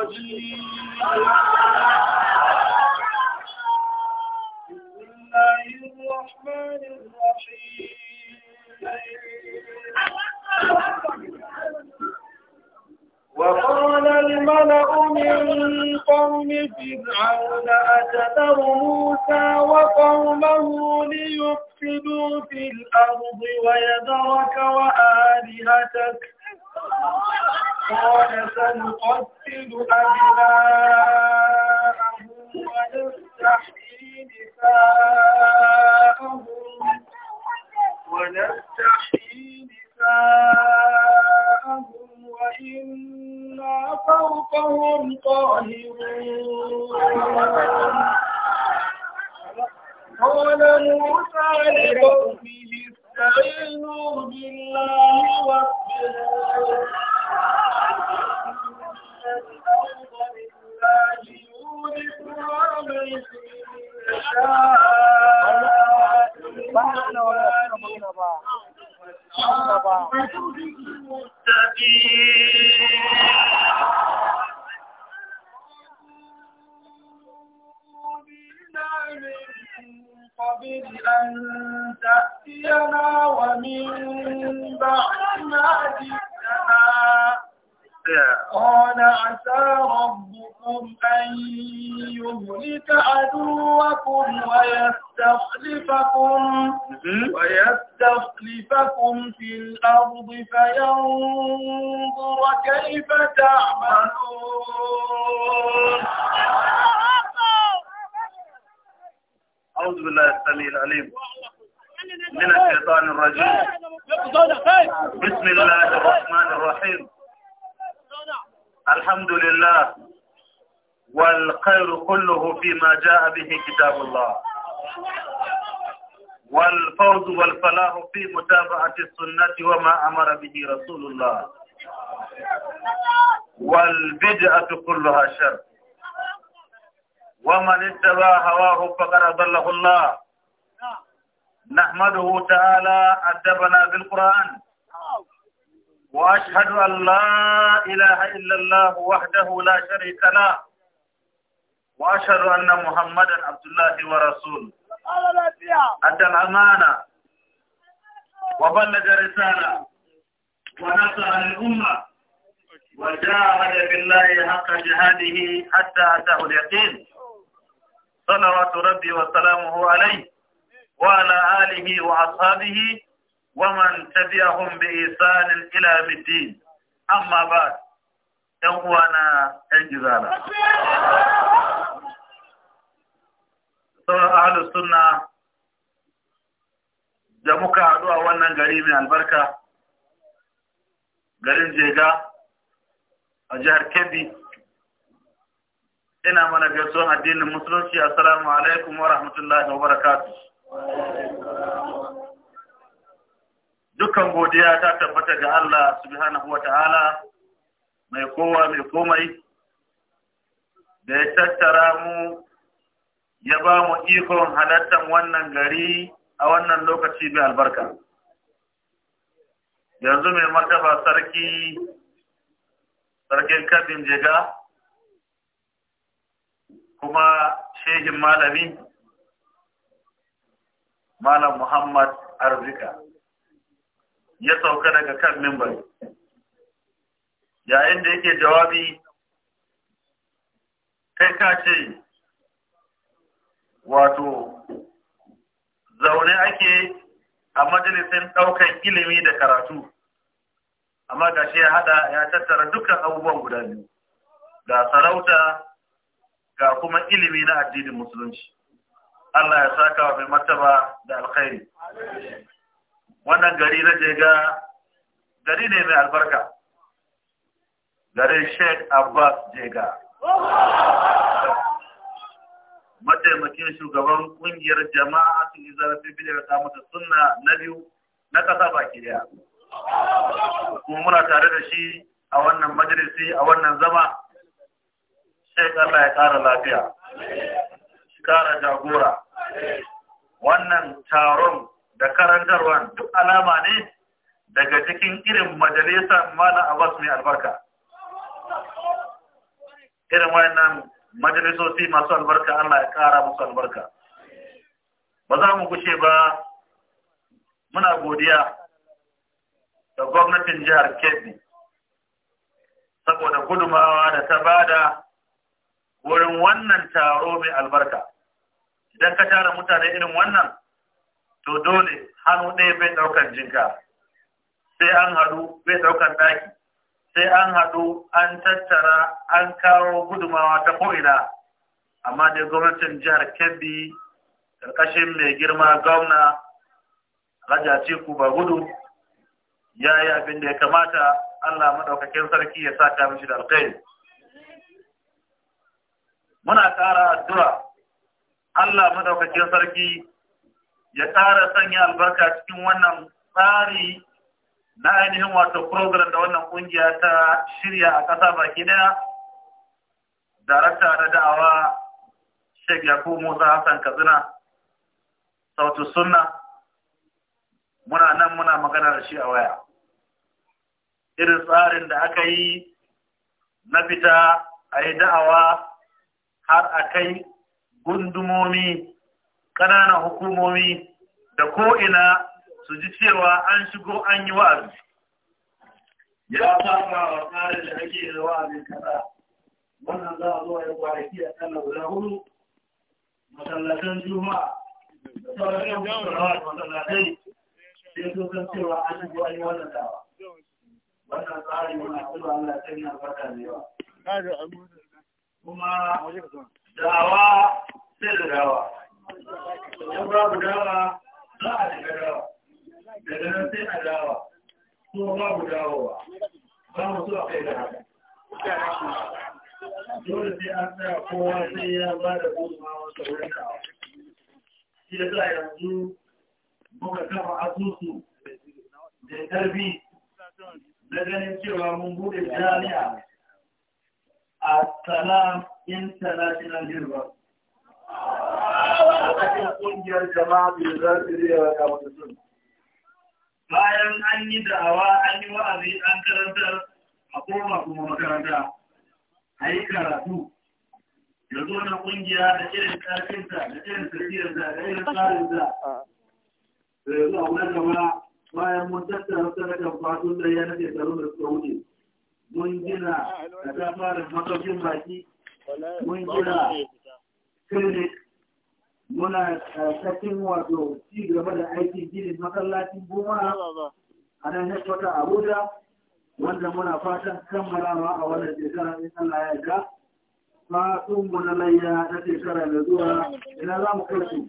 بسم الله الرحمن الرحيم وقال الملأ من قوم فرعون أتذر موسى وقومه ليفسدوا في الأرض ويذرك وآلهتك قال سنقتل أبناءهم ونستحيي نساءهم ونستحيي نساءهم وإنا فوقهم قاهرون قال موسى لقومه جئتنا ومن بعد ما جئتنا قال عسى ربكم أن يهلك عدوكم ويستخلفكم ويستخلفكم في الأرض فينظر كيف تعملون أعوذ بالله السميع العليم من الشيطان الرجيم بسم الله الرحمن الرحيم الحمد لله والخير كله فيما جاء به كتاب الله والفوز والفلاح في متابعة السنة وما أمر به رسول الله والبدعة كلها شر ومن اتبع هواه فقد أضله الله نحمده تعالى أدبنا بالقرآن وأشهد أن لا إله إلا الله وحده لا شريك له وأشهد أن محمدا عبد الله ورسوله أدى الأمانة وبلغ رسالة ونصر الأمة وجاهد بالله حق جهاده حتى أتاه اليقين صلوات ربي وسلامه عليه وعلى آله وأصحابه ومن تبعهم بإحسان إلى الدين أما بعد يوانا إنجزالا sauran ahalus sunna da muka haɗu a wannan gari mai albarka garin jega a jihar kebbi ina mana gaisuwan addinin musulunci assalamu alaikum wa rahmatullahi wa barakatuh Dukan godiya ta tabbata ga Allah subhanahu wa ta'ala mai kowa mai komai da ya tattara mu ya ba mu ikon halattar wannan gari a wannan lokaci mai albarka. Yanzu mai martaba sarki, sarkin kabin jiga, kuma shehin malami. malam Muhammad Arzika ya sauka daga kan mimbari yayin da yake jawabi kai ka ce wato zaune ake a majalisin ɗaukar ilimi da karatu amma ga shi ya haɗa ya tattara dukkan abubuwan guda biyu ga sarauta ga kuma ilimi na addinin musulunci Allah ya saka wa mai martaba da alkhairi wannan gari na jega gari ne mai albarka garin Sheikh Abbas Jega mataimakin shugaban ƙungiyar jama'a su yi zarafi bidiyar samuta sunna na biyu na kasa baki daya kuma muna tare da shi a wannan majalisi a wannan zama sai Allah ya ƙara lafiya kara jagora wannan taron da karantarwa duk alama ne daga cikin irin majalisa mana abbas mai albarka irin wayannan majalisoci masu albarka Allah ya kara musu albarka ba za mu gushe ba muna godiya da gwamnatin jihar kebbi saboda gudumawa da ta bada wurin wannan taro mai albarka idan ka tara mutane irin wannan to dole hannu ɗaya bai ɗaukar jinka sai an haɗu bai ɗaukar ɗaki sai an haɗu an tattara an kawo gudumawa ta ko'ina amma dai gwamnatin jihar kebbi ƙarƙashin mai girma gwamna raja ku ba gudu ya yi abin da ya kamata allah maɗaukakin sarki ya saka mishi da alkhairi muna ƙara addu'a Allah madaukakin sarki ya ƙara sanya albarka cikin wannan tsari na ainihin wato program da wannan ƙungiya ta shirya a ƙasa baki ɗaya darakta da da'awa Sheikh Yakubu Musa Hassan Katsina sautu sunna muna nan muna magana da shi a waya irin tsarin da aka yi na fita a yi da'awa har a kai gundumomi ƙananan hukumomi da ko'ina su ji cewa an shigo an yi wa'azi ya saba wa tsarin da ake yi wa’azi kaza wannan za a zo ya kwaraki a kan guda hudu masallatan juma'a da sauran yau da masallatai sai so san cewa an shigo an yi wannan dawa wannan tsarin yana kuma Allah sai na fata da yawa kuma dawa sai da dawa idan babu dawa za a shiga dawa daga nan sai a dawa kuma babu dawowa ba mu so a kai da haka dole sai an tsaya kowa sai ya ba da gudunmawa sauran dawa shi da za yanzu muka kama asusu da tarbi na ganin cewa mun bude jami'a Assalam International University. A cikin ƙungiyar jama'a da za su yi wa kamata sun. Bayan an yi da'awa, an yi wa'azi, an karantar a koma kuma makaranta. A yi karatu. Ya zo na ƙungiya da irin ƙarfinta, da irin tafiyarta, da irin tsarinta. Da yanzu a wani gaba bayan mun tattara sanadar fatun da ya nake tsaro da suka wuce. mun gina a ta fara makafin baki mun gina clinic muna eh, sakin wato ci gaba da aikin ginin masallacin goma a nan a abuja wanda muna fatan kammalawa a wannan shekara in allah ya yarda fatun mu na layya na shekara mai zuwa ina za mu kai su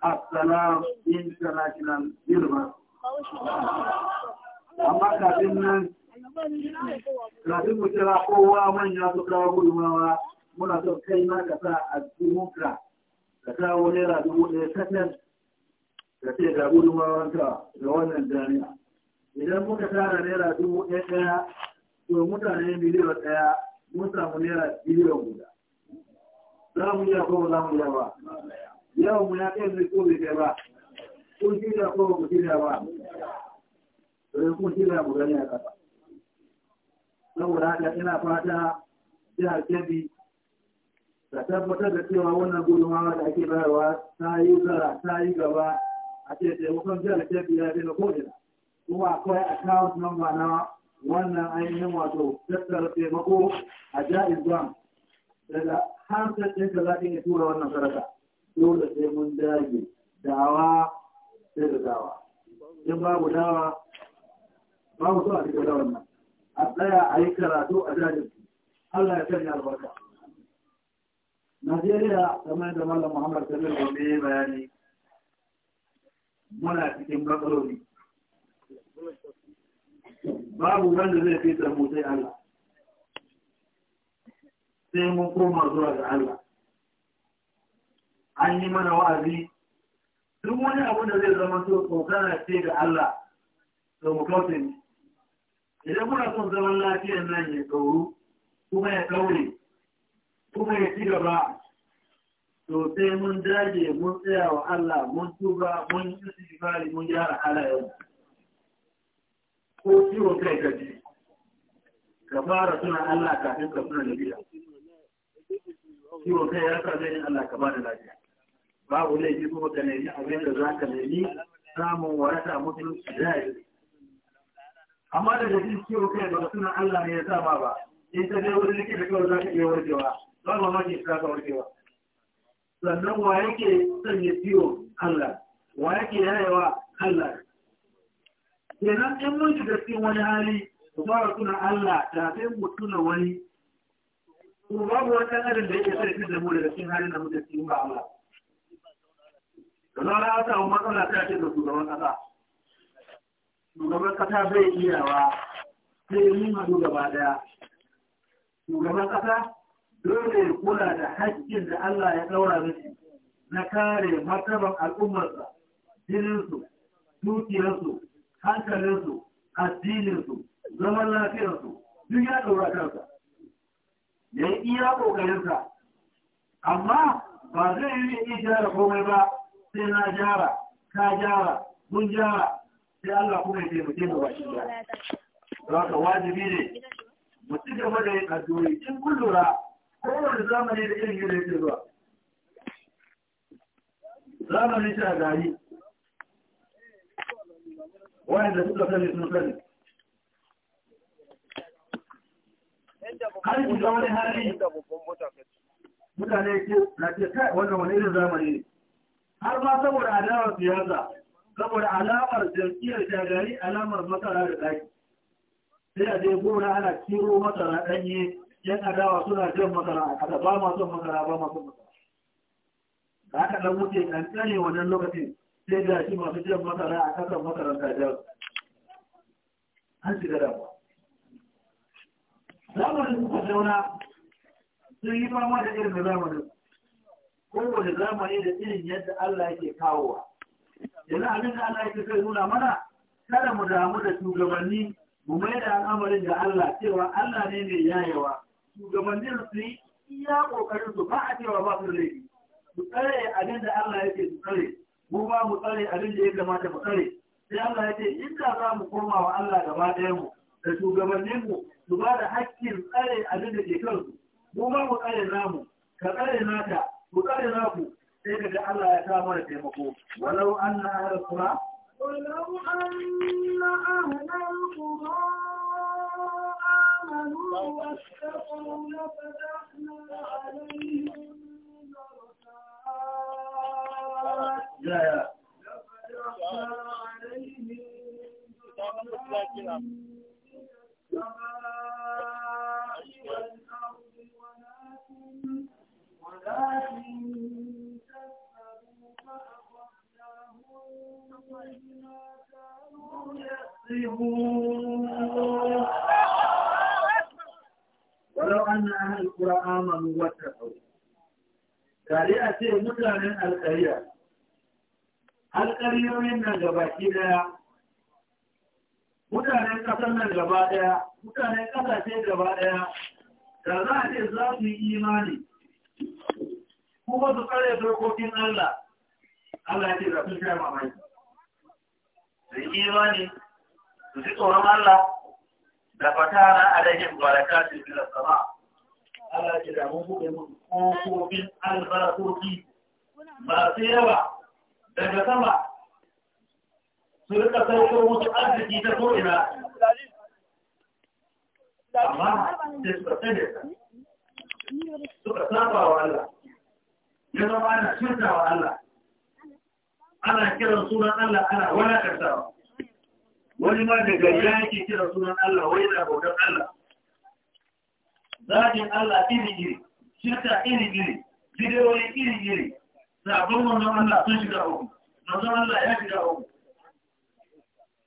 assalam international girma amma kafin nan Kafin mu kira kowa manya su kawo gudunmawa muna son kai ma ka sa a jimunka ka kawo naira dubu ɗaya kasan ka ce ga gudunmawanka ga wannan jami'a. Idan muka tara naira dubu ɗaya ɗaya to mutane miliyan ɗaya mun samu naira biliyan guda. Za mu iya kowa za mu iya ba. Yau mu ya kai mai ko bai kai ba. Kun shirya kowa mu shirya ba. Sai kun shirya mu gani a ƙasa. saboda haka ina fata jihar kebbi ta tabbatar da cewa wannan gudunmawa da ake bayarwa ta yi zara ta yi gaba a ce taimakon jihar kebbi ya daina ko'ina kuma akwai account number na wannan ainihin wato tattara taimako a jaiz bank daga hansar ɗin da za ka iya tura wannan sarrafa dole sai mun dage dawa sai da dawa in babu dawa babu so a cikin dawan nan a tsaya a yi karatu a jajirki Allah ya sanya albarka Najeriya kamar da Mallam Muhammad Kabir Gombe ya bayani muna cikin matsaloli babu wanda zai fi mu sai Allah sai mun koma zuwa ga Allah an yi mana wa'azi duk wani abu da zai zama so tsokana ce ga Allah to mu kauce ne idan kuna son zaman lafiyar nan ya tsoro kuma ya ɗaure kuma ya ci gaba to sai mun dage mun tsaya wa Allah mun tuba mun yi istighfari mun gyara halayen ko kiwo kai ka ji ka fara suna Allah kafin ka suna lafiya kiwo kai ya sa zai Allah ka bada lafiya babu laifi kuma ka nemi abin da za ka nemi samun waraka mutum da amma da da jin ciwo kai daga sunan Allah ne ya sa ba ba in ta je wurin likita kawai za ka iya warkewa ba ke za ka warkewa sannan wa yake sanya ciwo Allah wa yake yayewa Allah kenan in mun shiga cikin wani hali ku fara suna Allah da sai mu tuna wani ku babu wani ɗan adam da yake fi da mu daga cikin halin da muke cikin ba Allah. Kana na samu matsala ta ce da shugaban ƙasa. shugaban kasa bai iyawa sai mun haɗu gaba daya shugaban kasa dole ya kula da haƙƙin da Allah ya ɗaura mishi na kare martaban al'ummarsa jininsu dukiyarsu hankalinsu addininsu zaman lafiyarsu duk ya ɗaura kansa ya yi iya ƙoƙarinsa amma ba zai yi iya gyara komai ba sai na jara, ka jara mun jara. sai Allah kuma ya taimake mu baki ba. za ka wajibi ne mu ci gaba da yin addu'o'i in kun lura zamani da irin yadda yake zuwa Zamani sha gari wanda suka sani sun sani har shiga wani hali mutane na ce kai wannan wani irin zamani ne har ma saboda adawar siyasa saboda alamar jam'iyyar shagari alamar masara da ɗaki sai a je gona ana kiro masara ɗanye yan adawa suna jan masara a kada ba masu matsara masara ba masu matsara masara da aka ɗan wuce ƙanƙane wannan lokacin sai da shi masu jan masara a kasan ta kajar an shiga da ba zamanin kuka zauna sun yi fama da irin zamanin kowane zamani da irin yadda Allah yake kawowa Yana abin da Allah yake sai nuna mana kada mu damu da shugabanni mu mai da al'amarin da Allah cewa Allah ne mai yayewa shugabannin su yi iya kokarin su ba a cewa ba su laifi mu tsare abin da Allah yake su tsare mu ba mu tsare abin da ya kamata mu tsare sai Allah yake in ka za mu koma wa Allah gaba ɗaya mu da shugabannin mu su ba da hakkin tsare abin da ke kansu mu ba mu tsare namu ka tsare naka ku tsare naku sai da Allah ya kawo mana taimako walau anna ahlul qura walau anna ahlul qura amanu wattaqu lafatahna alayhim ya ya lafatahna alayhim يعلمون ولو أن أهل القرى آمنوا واتقوا كاري أتي متعنا القرية القرية منا جباكينا mutanen ƙasar nan gaba ɗaya mutanen ƙasashe gaba ɗaya da za a ce za su yi imani kuma su kare dokokin Allah Allah ya ce za su sha mamaki su yi imani su ji tsoron Allah da fata na alaihim barakatun fil sama Allah ya da mu buɗe mu kofofin albarkoki masu yawa daga sama su rika sauko musu arziki ta ko'ina amma sai suka sanya suka saba wa Allah ya zama ana shirka wa Allah ana kiran sunan Allah ana wadatarsawa wani ma da gari yake kira sunan Allah wai da bautar Allah zaɓin Allah iri-iri shirka iri-iri bidiyoyi iri-iri sabon wannan Allah sun shiga uku manzon Allah ya shiga uku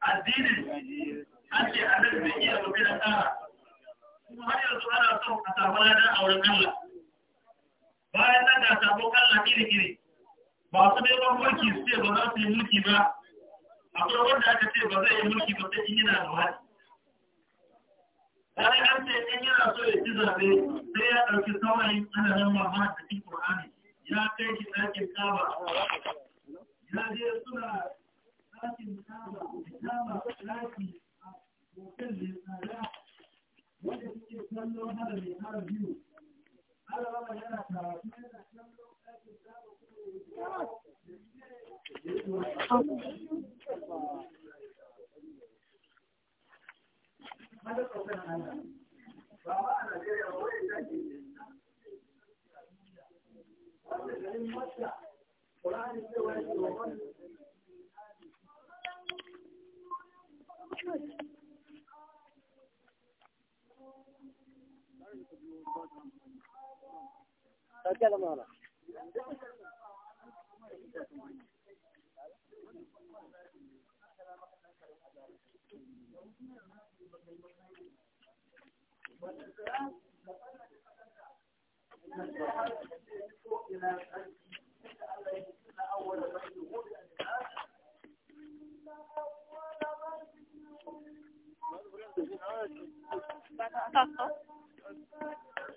addinin ake nan bai iya gobe da ƙara. kuma har yanzu ana son a samu ladan auren Allah bayan nan da sabon Allah iri-iri ba su neman mulki su ce ba za su yi mulki ba akwai wanda aka ce ba zai yi mulki ba sai yana da wani wani an ce in yana so ya ci zaɓe sai ya ɗauki saurayin adadin mamman da cikin ƙur'ani ya kai shi ɗakin kaba ya je suna ɗakin kaba kama ɗaki a hotel mai tsada wanda suke kallon hada mai hada biyu تكلم هنا Thank you.